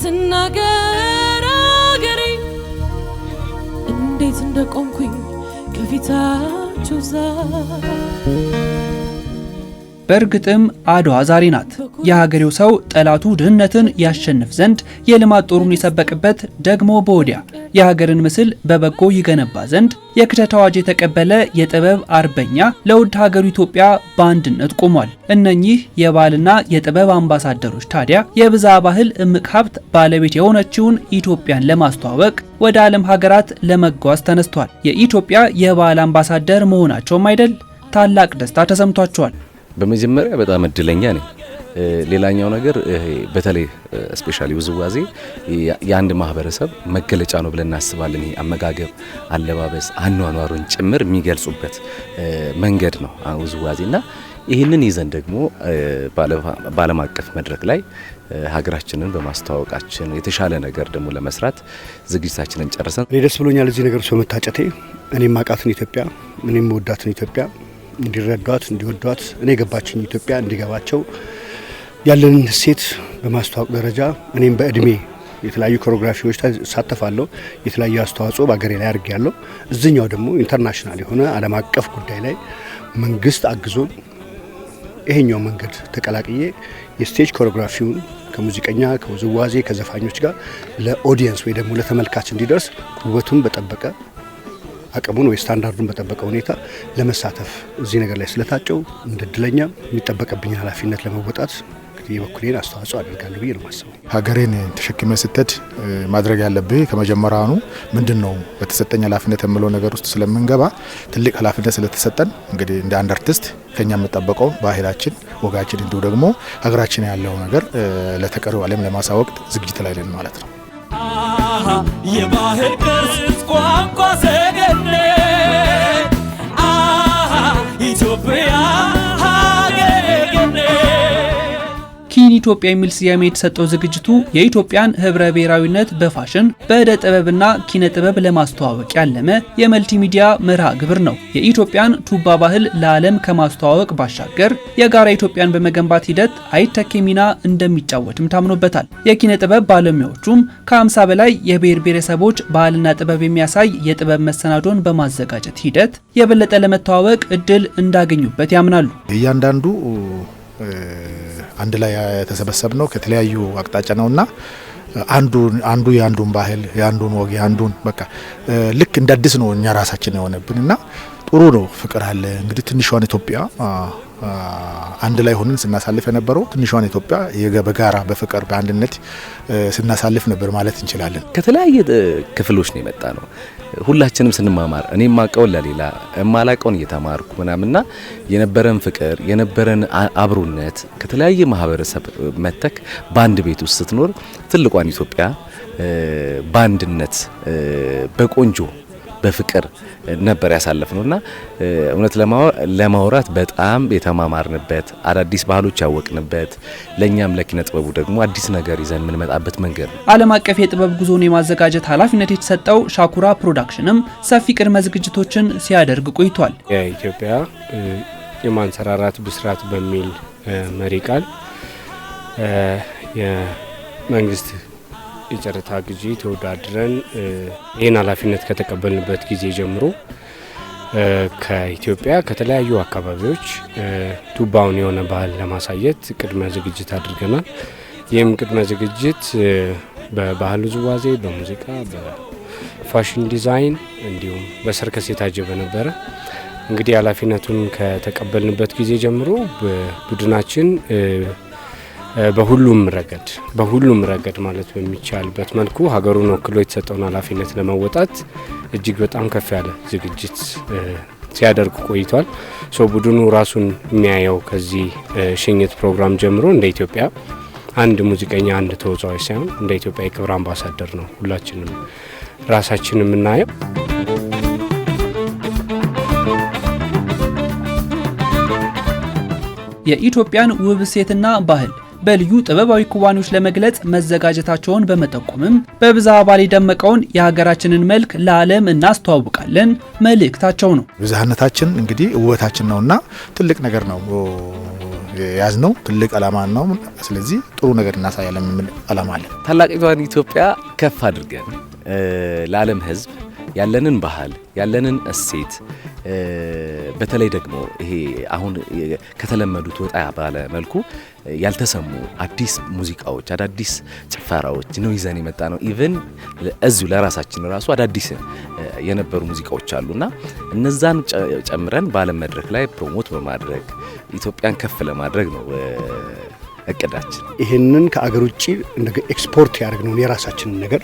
አትናገር አገሬ እንዴት እንደቆምኩኝ ከፊታችሁ ዛ በእርግጥም አድዋ ዛሬ ናት። የሀገሬው ሰው ጠላቱ ድህነትን ያሸንፍ ዘንድ የልማት ጦሩን የሰበቅበት ደግሞ በወዲያ የሀገርን ምስል በበጎ ይገነባ ዘንድ የክተት አዋጅ የተቀበለ የጥበብ አርበኛ ለውድ ሀገሩ ኢትዮጵያ በአንድነት ቆሟል። እነኚህ የባህልና የጥበብ አምባሳደሮች ታዲያ የብዛ ባህል እምቅ ሀብት ባለቤት የሆነችውን ኢትዮጵያን ለማስተዋወቅ ወደ ዓለም ሀገራት ለመጓዝ ተነስቷል። የኢትዮጵያ የባህል አምባሳደር መሆናቸውም አይደል ታላቅ ደስታ ተሰምቷቸዋል። በመጀመሪያ በጣም እድለኛ ነኝ። ሌላኛው ነገር በተለይ ስፔሻሊ ውዝዋዜ የአንድ ማህበረሰብ መገለጫ ነው ብለን እናስባለን። ይሄ አመጋገብ፣ አለባበስ፣ አኗኗሩን ጭምር የሚገልጹበት መንገድ ነው ውዝዋዜ እና ይህንን ይዘን ደግሞ በዓለም አቀፍ መድረክ ላይ ሀገራችንን በማስተዋወቃችን የተሻለ ነገር ደግሞ ለመስራት ዝግጅታችንን ጨርሰን እኔ ደስ ብሎኛል እዚህ ነገር ውስጥ በመታጨቴ እኔም አውቃትን ኢትዮጵያ እኔም መወዳትን ኢትዮጵያ እንዲረዷት እንዲወዷት እኔ የገባችኝ ኢትዮጵያ እንዲገባቸው ያለንን እሴት በማስተዋወቅ ደረጃ እኔም በእድሜ የተለያዩ ኮሪዮግራፊዎች ሳተፋለሁ። የተለያዩ አስተዋጽኦ በሀገሬ ላይ ያለው እዚኛው ደግሞ ኢንተርናሽናል የሆነ ዓለም አቀፍ ጉዳይ ላይ መንግስት አግዞን ይሄኛው መንገድ ተቀላቅዬ የስቴጅ ኮሪዮግራፊውን ከሙዚቀኛ ከውዝዋዜ ከዘፋኞች ጋር ለኦዲየንስ ወይ ደግሞ ለተመልካች እንዲደርስ ውበቱን በጠበቀ አቅሙን ወይ ስታንዳርዱን በጠበቀ ሁኔታ ለመሳተፍ እዚህ ነገር ላይ ስለታጨው እንደ እድለኛ የሚጠበቅብኝ ኃላፊነት ለመወጣት የበኩሌን አስተዋጽኦ አደርጋለሁ ብዬ ነው ማስበው። ሀገሬን ተሸክመ ስትሄድ ማድረግ ያለብህ ከመጀመሪያኑ ምንድን ነው በተሰጠኝ ኃላፊነት የምለው ነገር ውስጥ ስለምንገባ ትልቅ ኃላፊነት ስለተሰጠን እንግዲህ እንደ አንድ አርቲስት ከኛ የምጠበቀው ባህላችን፣ ወጋችን እንዲሁ ደግሞ ሀገራችን ያለው ነገር ለተቀሪው ዓለም ለማሳወቅ ዝግጅት ላይ ነን ማለት ነው። የባህል ቅርስ ቋንቋ ኢትዮጵያ የሚል ስያሜ የተሰጠው ዝግጅቱ የኢትዮጵያን ህብረ ብሔራዊነት በፋሽን በደ ጥበብና ኪነ ጥበብ ለማስተዋወቅ ያለመ የመልቲሚዲያ መርሃ ግብር ነው። የኢትዮጵያን ቱባ ባህል ለዓለም ከማስተዋወቅ ባሻገር የጋራ ኢትዮጵያን በመገንባት ሂደት አይተኬ ሚና እንደሚጫወትም ታምኖበታል። የኪነ ጥበብ ባለሙያዎቹም ከ50 በላይ የብሔር ብሔረሰቦች ባህልና ጥበብ የሚያሳይ የጥበብ መሰናዶን በማዘጋጀት ሂደት የበለጠ ለመተዋወቅ እድል እንዳገኙበት ያምናሉ። እያንዳንዱ አንድ ላይ የተሰበሰብ ነው ከተለያዩ አቅጣጫ እና አንዱ የአንዱን ባህል የአንዱን ወግ የአንዱን በቃ ልክ እንደ አዲስ ነው እኛ ራሳችን የሆነብን እና ጥሩ ነው። ፍቅር አለ እንግዲህ ትንሿን ኢትዮጵያ አንድ ላይ ሆነን ስናሳልፍ የነበረው ትንሿን ኢትዮጵያ በጋራ በፍቅር በአንድነት ስናሳልፍ ነበር ማለት እንችላለን። ከተለያየ ክፍሎች ነው የመጣ ነው። ሁላችንም ስንማማር እኔ ማቀውን ለሌላ እማላቀውን እየተማርኩ ምናምንና የነበረን ፍቅር የነበረን አብሮነት ከተለያየ ማህበረሰብ መተክ በአንድ ቤት ውስጥ ስትኖር ትልቋን ኢትዮጵያ በአንድነት በቆንጆ በፍቅር ነበር ያሳለፍ ነው እና እውነት ለማውራት በጣም የተማማርንበት አዳዲስ ባህሎች ያወቅንበት ለእኛም ለኪነ ጥበቡ ደግሞ አዲስ ነገር ይዘን የምንመጣበት መንገድ ነው። ዓለም አቀፍ የጥበብ ጉዞን የማዘጋጀት ኃላፊነት የተሰጠው ሻኩራ ፕሮዳክሽንም ሰፊ ቅድመ ዝግጅቶችን ሲያደርግ ቆይቷል። የኢትዮጵያ የማንሰራራት ብስራት በሚል መሪ ቃል የመንግስት የጨረታ ጊዜ ተወዳድረን ይህን ኃላፊነት ከተቀበልንበት ጊዜ ጀምሮ ከኢትዮጵያ ከተለያዩ አካባቢዎች ቱባውን የሆነ ባህል ለማሳየት ቅድመ ዝግጅት አድርገናል። ይህም ቅድመ ዝግጅት በባህል ውዝዋዜ፣ በሙዚቃ፣ በፋሽን ዲዛይን እንዲሁም በሰርከስ የታጀበ ነበረ። እንግዲህ ኃላፊነቱን ከተቀበልንበት ጊዜ ጀምሮ ቡድናችን በሁሉም ረገድ በሁሉም ረገድ ማለት በሚቻልበት መልኩ ሀገሩን ወክሎ የተሰጠውን ኃላፊነት ለመወጣት እጅግ በጣም ከፍ ያለ ዝግጅት ሲያደርግ ቆይቷል። ሶ ቡድኑ ራሱን የሚያየው ከዚህ ሽኝት ፕሮግራም ጀምሮ እንደ ኢትዮጵያ አንድ ሙዚቀኛ አንድ ተወዛዋዥ ሳይሆን እንደ ኢትዮጵያ የክብር አምባሳደር ነው ሁላችንም ራሳችን የምናየው። የኢትዮጵያን ውብ ሴትና ባህል በልዩ ጥበባዊ ክዋኔዎች ለመግለጽ መዘጋጀታቸውን በመጠቆምም በብዛ ባል የደመቀውን የሀገራችንን መልክ ለዓለም እናስተዋውቃለን መልእክታቸው ነው። ብዝሃነታችን እንግዲህ ውበታችን ነውና ትልቅ ነገር ነው የያዝ ነው ትልቅ ዓላማ ነው። ስለዚህ ጥሩ ነገር እናሳያለን የሚል ዓላማ አለን። ታላቂቷን ኢትዮጵያ ከፍ አድርገን ለዓለም ሕዝብ ያለንን ባህል ያለንን እሴት በተለይ ደግሞ ይሄ አሁን ከተለመዱት ወጣ ባለ መልኩ ያልተሰሙ አዲስ ሙዚቃዎች፣ አዳዲስ ጭፈራዎች ነው ይዘን የመጣ ነው። ኢቨን እዚሁ ለራሳችን ራሱ አዳዲስ የነበሩ ሙዚቃዎች አሉና እነዛን ጨምረን በዓለም መድረክ ላይ ፕሮሞት በማድረግ ኢትዮጵያን ከፍ ለማድረግ ነው እቅዳችን። ይህንን ከአገር ውጭ ኤክስፖርት ያደረግነውን የራሳችንን ነገር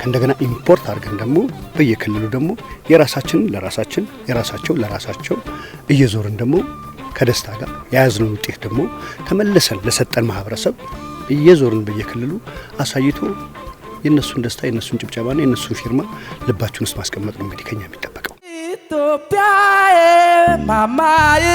ከእንደገና ኢምፖርት አድርገን ደግሞ በየክልሉ ደግሞ የራሳችንን ለራሳችን የራሳቸው ለራሳቸው እየዞርን ደግሞ ከደስታ ጋር የያዝነው ውጤት ደግሞ ተመልሰን ለሰጠን ማህበረሰብ እየዞርን በየክልሉ አሳይቶ የእነሱን ደስታ የእነሱን ጭብጨባና የእነሱን ፊርማ ልባችን ውስጥ ማስቀመጥ ነው እንግዲህ ከኛ የሚጠበቀው። ኢትዮጵያ ማማዬ